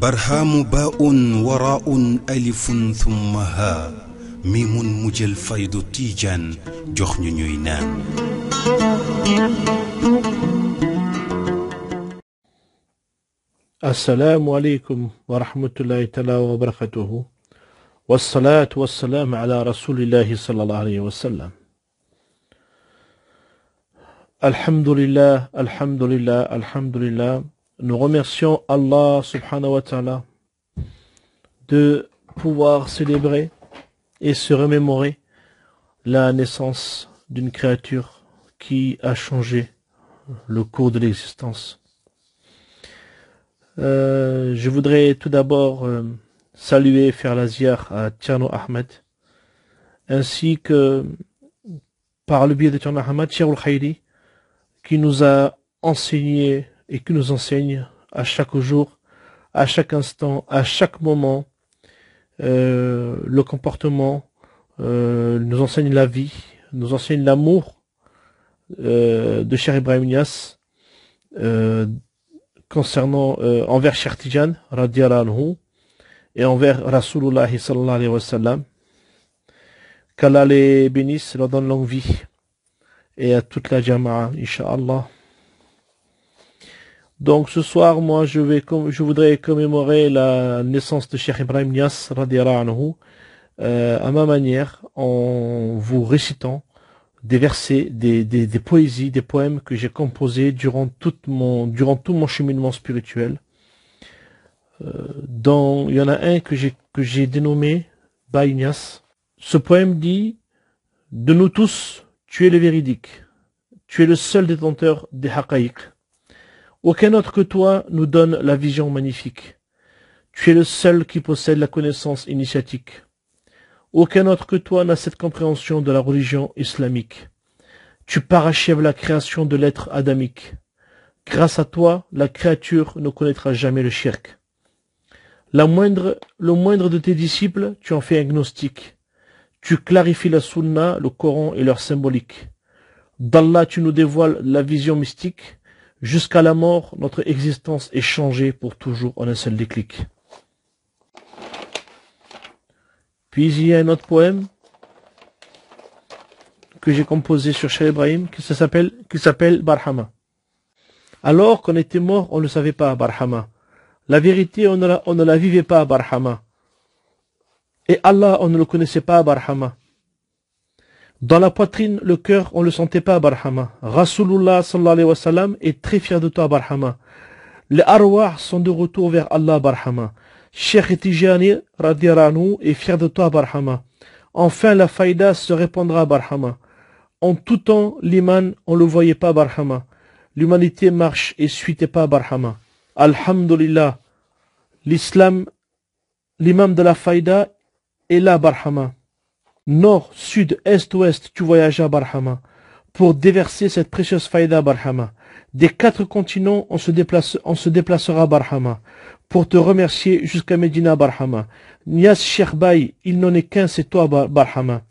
برهام باء وراء ألف ثم ها ميم مجل فيض تيجان جخن يوينان السلام عليكم ورحمة الله تعالى وبركاته والصلاة والسلام على رسول الله صلى الله عليه وسلم Alhamdulillah, Alhamdulillah, Alhamdulillah. Nous remercions Allah subhanahu wa ta'ala de pouvoir célébrer et se remémorer la naissance d'une créature qui a changé le cours de l'existence. Euh, je voudrais tout d'abord euh, saluer et faire la ziyar à Tiano Ahmed, ainsi que par le biais de Tiano Ahmed, Cheikh khaidi qui nous a enseigné et qui nous enseigne à chaque jour, à chaque instant, à chaque moment, euh, le comportement, euh, nous enseigne la vie, nous enseigne l'amour euh, de Cher Ibrahim Nias euh, concernant euh, envers Cher Tijan, anhu, et envers Rasulullah sallallahu alayhi wa Qu'Allah les bénisse, leur donne longue vie et à toute la jama'a, Inch'Allah. Donc ce soir, moi, je, vais, je voudrais commémorer la naissance de Cheikh Ibrahim Nias, anhu, euh, à ma manière, en vous récitant des versets, des, des, poésies, des poèmes que j'ai composés durant, toute mon, durant tout mon cheminement spirituel. Euh, dans, il y en a un que j'ai, que j'ai dénommé Nias. Ce poème dit, de nous tous, tu es le véridique. Tu es le seul détenteur des haqaïq. Aucun autre que toi nous donne la vision magnifique. Tu es le seul qui possède la connaissance initiatique. Aucun autre que toi n'a cette compréhension de la religion islamique. Tu parachèves la création de l'être adamique. Grâce à toi, la créature ne connaîtra jamais le shirk. La moindre, le moindre de tes disciples, tu en fais un gnostique. Tu clarifies la sunna, le Coran et leur symbolique. D'Allah, tu nous dévoiles la vision mystique. Jusqu'à la mort, notre existence est changée pour toujours en un seul déclic. Puis il y a un autre poème que j'ai composé sur Cheikh Ibrahim qui s'appelle, Barhama. Alors qu'on était mort, on ne savait pas Barhama. La vérité, on ne la, vivait pas Barhama. Et Allah, on ne le connaissait pas, Barhama. Dans la poitrine, le cœur, on ne le sentait pas, Barhama. Rasulullah sallallahu alayhi wa sallam est très fier de toi, Barhama. Les arwah sont de retour vers Allah, Barhama. Cheikh Tijani ar-ranu, est fier de toi, Barhama. Enfin, la faïda se répandra, Barhama. En tout temps, l'iman, on le voyait pas, Barhama. L'humanité marche et suitait pas, Barhama. Alhamdulillah. L'islam, l'imam de la faïda et là, Barhama, nord, sud, est, ouest, tu voyages à Barhama pour déverser cette précieuse faïda Barhama. Des quatre continents, on se, déplace, on se déplacera Barhama pour te remercier jusqu'à Medina Barhama. Nias Sherbaï, il n'en est qu'un, c'est toi Barhama.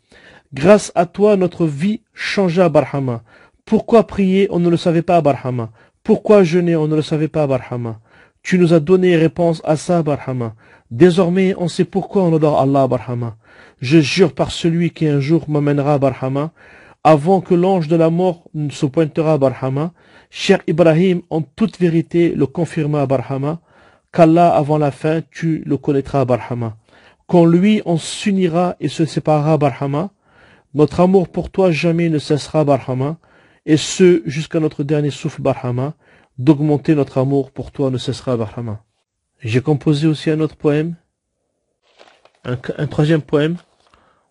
Grâce à toi, notre vie changea Barhama. Pourquoi prier, on ne le savait pas Barhama. Pourquoi jeûner, on ne le savait pas Barhama. Tu nous as donné réponse à ça, Barhama. Désormais, on sait pourquoi on adore Allah, Barhama. Je jure par celui qui un jour m'amènera, Barhama, avant que l'ange de la mort ne se pointera, Barhama. Cher Ibrahim, en toute vérité, le confirma, Barhama, qu'Allah, avant la fin, tu le connaîtras, Barhama. Quand lui, on s'unira et se séparera, Barhama. Notre amour pour toi jamais ne cessera, Barhama, et ce, jusqu'à notre dernier souffle, Barhama d'augmenter notre amour pour toi ne cessera, barhama J'ai composé aussi un autre poème, un, troisième poème.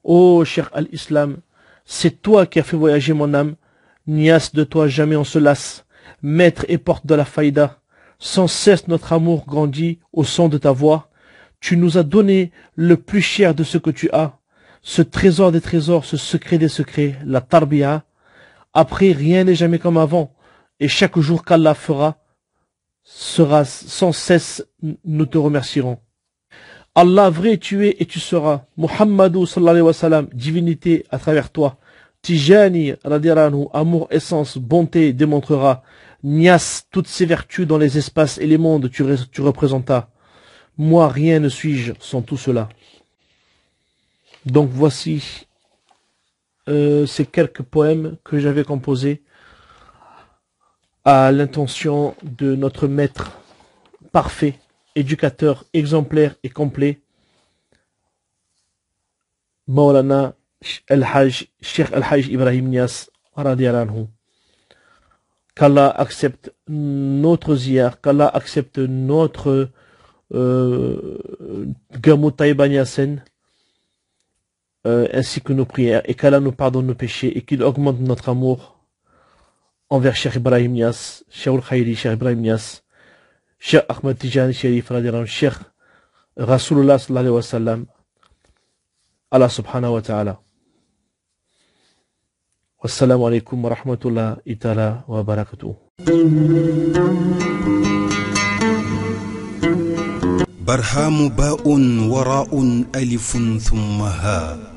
Ô oh, cher al-Islam, c'est toi qui as fait voyager mon âme. Nias de toi jamais on se lasse. Maître et porte de la faïda, sans cesse notre amour grandit au son de ta voix. Tu nous as donné le plus cher de ce que tu as, ce trésor des trésors, ce secret des secrets, la tarbiya. Après, rien n'est jamais comme avant et chaque jour qu'Allah fera sera sans cesse, nous te remercierons. Allah vrai tu es et tu seras. Muhammadou sallallahu alayhi wa sallam, divinité à travers toi. Tijani radiranu, amour, essence, bonté démontrera. Nias, toutes ces vertus dans les espaces et les mondes tu, tu représentas. Moi rien ne suis-je sans tout cela. Donc voici euh, ces quelques poèmes que j'avais composés à l'intention de notre maître parfait, éducateur exemplaire et complet, Maulana Al-Hajj, Sheikh Al-Hajj Ibrahim Nias, qu'Allah accepte notre ziyar, qu'Allah accepte notre euh, Gamou euh, ainsi que nos prières, et qu'Allah nous pardonne nos péchés, et qu'il augmente notre amour envers Cheikh Ibrahim Nias, Cheikh Al-Khayri, Cheikh Ibrahim Nias, Cheikh Ahmed Tijani Sherif, Cheikh Rasulullah sallallahu alayhi wa sallam, Allah subhanahu wa ta'ala. Wassalamu alaikum wa ورحمة الله wa barakatuh. برهام باء وراء ألف ثم هاء